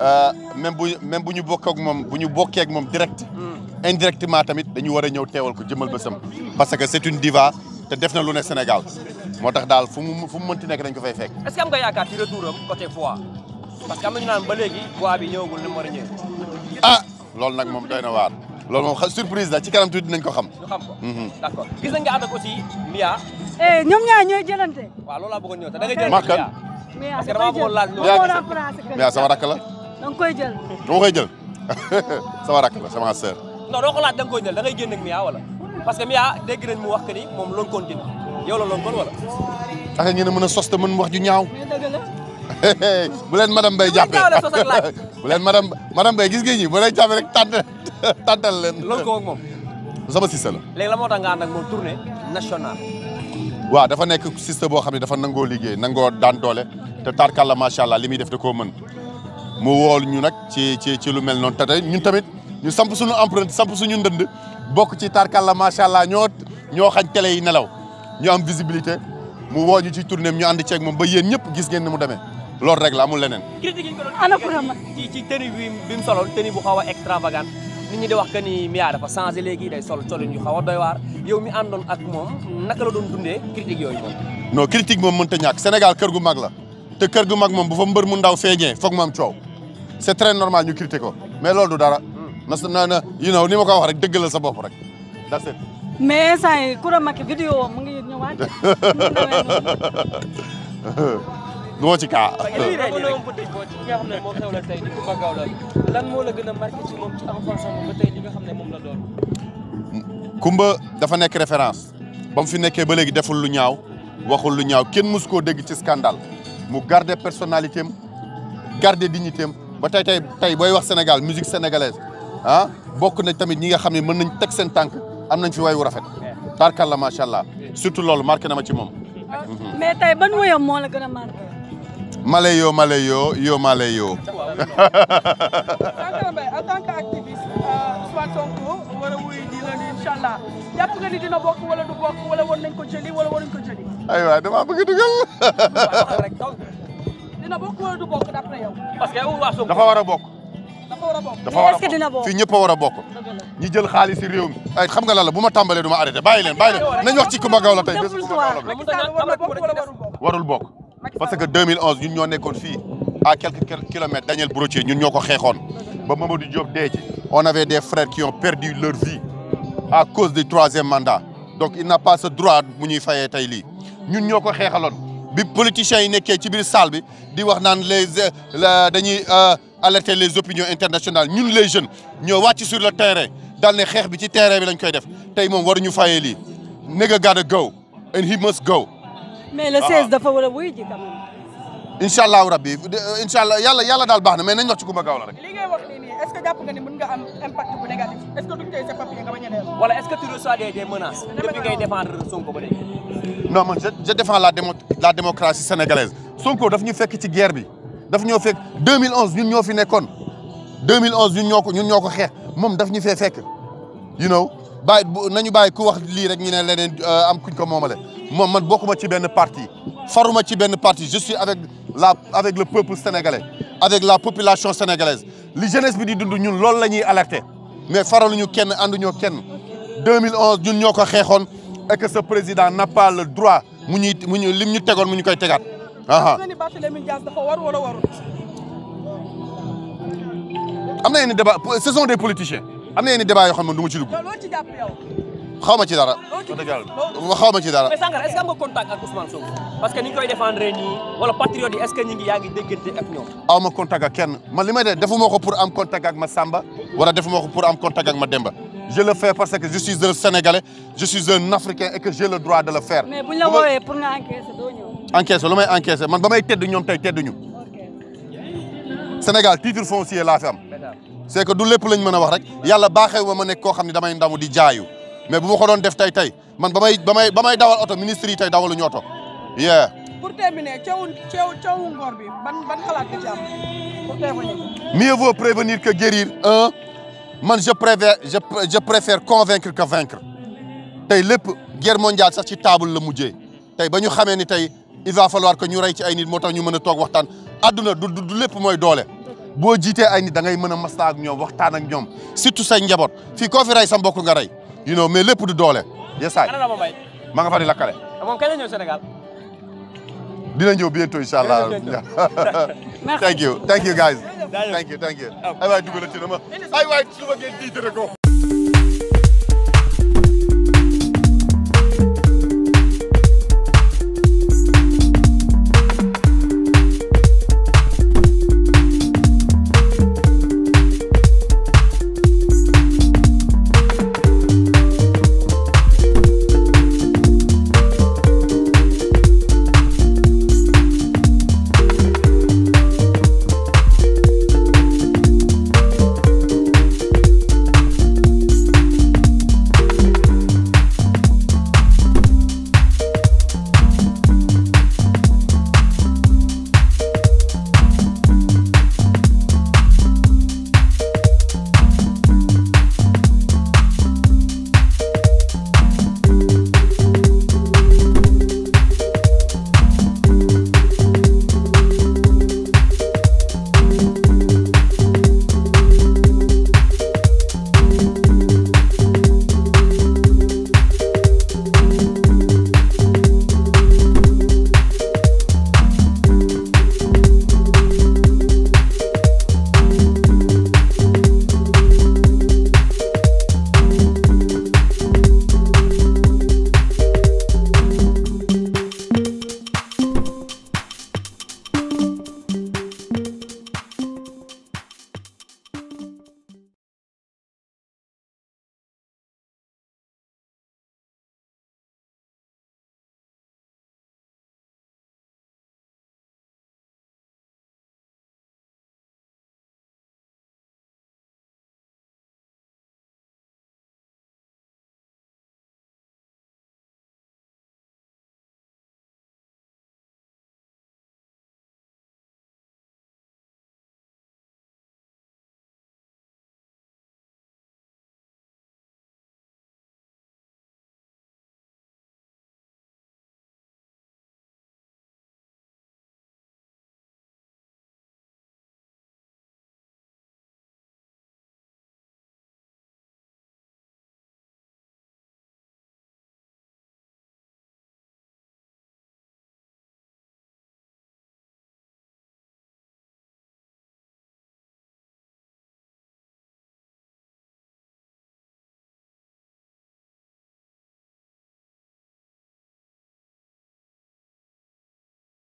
Euh, même bu même bu ñu bokk ak moom bu ñu bokkee moom direct. Hmm. indirectement tamit dañu war a ñëw teewal ko jëmal bësam. parce que c'est une diva te def na lu ne Sénégal moo tax daal fu mu fu mu mënti nekk dañ ko fay fekk. est-ce que am nga yaakaar ci retour am parce que am na ñu naan ba léegi voix bi ñëwagul ni mu war a ah, ñëwee. loolu nag moom doy na waar. loolu moom xam surprise la ci kanam tuuti dinañ ko xam. ñu xam ko mhm. d'accord gis nga ànd ak aussi Mia. Eh, ñoom ñaar ñooy jëlante. waaw loolu laa bëggoon parce que dama bëggoon laaj loolu. mais sama rakk la. da nga koy jël. dama koy jël sama la sama sœur. non doo ko laaj da nga koy jël da ngay génn parce que Mia dégg nañ mu wax que ni moom loon continue yow la kon wala. tax ngeen a mën a sos te mën wax ju ñaaw. bu leen madame Mbaye jàppee bu leen madame madame Mbaye gis ngeen ñi bu leen jàppee rek tànn tànnal leen. loolu ko ak moom. sama sista la. léegi la moo tax nga ànd moom tournée nationale. waaw dafa nekk système boo xam ne dafa nangoo liggéey nangoo daan doole te tarkalla macha allah li muy def da koo mën mu wool ñu nag ci ci ci lu mel noon te tey ñun tamit ñu samp suñu empreinte samp suñu ndënd bokk ci tarkalla macha allah ñoo ñoo xañ télé yi nelaw ñu am visibilité mu woo ñu ci tournée ñu ànd ceeg moom ba yéen ñëpp gis ngeen ni mu demee loolu rek la amul leneen. critique yi ñu ko doon nit ñi di wax que ni Mia dafa changé léegi day sol colin yu xaw doy waar yow mi àndoon ak moom naka la doon dundee critique yooyu moom. non critique moom mënta ñàkk Sénégal kër gu mag la te kër gu mag moom bu fa bër mu ndaw feeñee foog mu coow c'est très normal ñu critiquer ko mais loolu du dara. na hmm. sa na na you know ni ma ko wax rek dëgg la sa bopp rek that's it. mais saa yi Koura Macky vidéo mu ngi ñëwaat. du ma ci kaa. Kumba dafa nekk référence ba mu fi nekkee ba léegi deful lu ñaaw waxul lu ñaaw kenn mësu koo dégg ci scandale mu garder personnalité am garder dignité am ba tey tey tey booy wax Sénégal musique sénégalaise ah bokk na tamit ñi nga xam ne mën nañ teg seen tànk am nañ fi wu rafet tarkalla macha allah surtout loolu marqué na ma ci moom. mais tey ban wayam moo la gën a male yoo male yoo yoo male yoo. en tant qu'activiste euh, Ousmane Sonko war a wuy di la ni incha allah jàpp nga ni dina bokk wala du bokk wala war nañ ko jëli wala waruñ ko jëli. aywa damaa bëgg a dugal. dina bokk wala du bokk d'après yow. parce que dafa war a bokk. dafa war a bokk dafa war a bokk dina bokk fii ñëpp a war a bokk. ñi jël xaalis si réew mi. ay xam nga lan la bu ma tàmbalee du ma arrêté bàyyi leen bàyyi leen nañ wax ci Coumba Gawlo tey bés. warul bokk. parce que 2011 ñun ñoo à quelques kilomètres Daniel Brottier ñun ñoo ko xeexoon ba Mamadou Diop dee ci on avait des frères qui ont perdu leur vie à cause du troisième mandat donc il n'a pas ce droit bu ñuy fayee tey lii ñun ñoo politiciens yi sont ci biir salle bi di wax les euh, dañuy euh, alerter les opinions internationales ñun les jeunes nous sommes sur le terrain Dans les xeex bi ci terrain bi lañ koy def tey moom waruñu fayee lii nigga gotta go and he must go mais le ah, ah. dafa war a wuyu ji quand même. incha rabbi euh, incha yàlla yàlla daal baax na mais nañ wax ci Coumba Gawlo rek. li ngay wax nii nii est ce que nga ni mën nga am impact bu a delloo. wala est ce que tu reçois Sonko ba léegi. sénégalaise Sonko daf ñu fekk ci guerre bi daf ñoo fekk 2011 ñun ñoo fi nekkoon 2011 ñun ñoo ko ñun ñoo ko xeex moom daf ñu fee fekk you know bàyyi nañu bàyyi ku wax li rek ñu né leneen euh, am kuñ ko momalé mom man bokuma ci ben parti faruma ci ben parti je suis avec la avec le peuple sénégalais avec la population sénégalaise li jeunesse bi di dund ñun lool lañuy ñuy alerter mais ñu kenn andu ànduñoo kenn 2011 ñun ñoko xéxon xeexoon et que ce président n'a pas le droit mu ñuy mu ñu lim ñu tegoon mu ñu koy tégat ah am na yenn débat ce sont des politiciens am na yenn débat yoo xam ne du ma ci japp yow. Xawma ci dara. xaw ma ci dara. mais sangar est-ce que am nga contact ak Ousmane Sonko. parce que ni ñu koy défendre ni wala patriote yi est-ce que ñu ngi yaa ngi déggante ak ñoom. Awma contact ak kenn man limay may def defuma pour am contact ak ma Samba wala defuma ko pour am contact ak ma Demba. je le fais parce que je suis un Sénégalais je suis un Africain et que j'ai le droit de le faire. mais buñ la woyé pour nga encaisser do ñew. encaisser lu may encaisser man ba tedd ñom tay tedd ñu. Sénégal titre foncier la fi am. c'est que du lépp lañ mën a wax rek yàlla baaxee ma ma nekk ko xam ne damay ndamu di jaayu mais bu ma ko doon def tey tey man ba may ba may ba may dawal oto ministre tey dawaluñu oto yeah pour terminer coowu coowu coowu ngor bi ban xalaat nga ci am pour prévenir que guérir un man je préfère je je préfère que vaincre tey lépp guerre mondiale sax ci table la mujjee tey ba ñu xamee ni tey il va falloir que ñu rey ci ay nit moo tax ñu mën a toog waxtaan adduna du du lépp mooy doole. boo jiitee ay ni da ngay mën a masla ak ñoom waxtaan ak ñoom surtout say njaboot fii koo fi rey sa mbokk nga rey you know mais lépp du doole yesaay ma nga fa ah, la ñëw Sénégal dina ñëw bientôt incha allah thank you thank you guys thank you thank you ah. ay waay ay waay su ma ngeen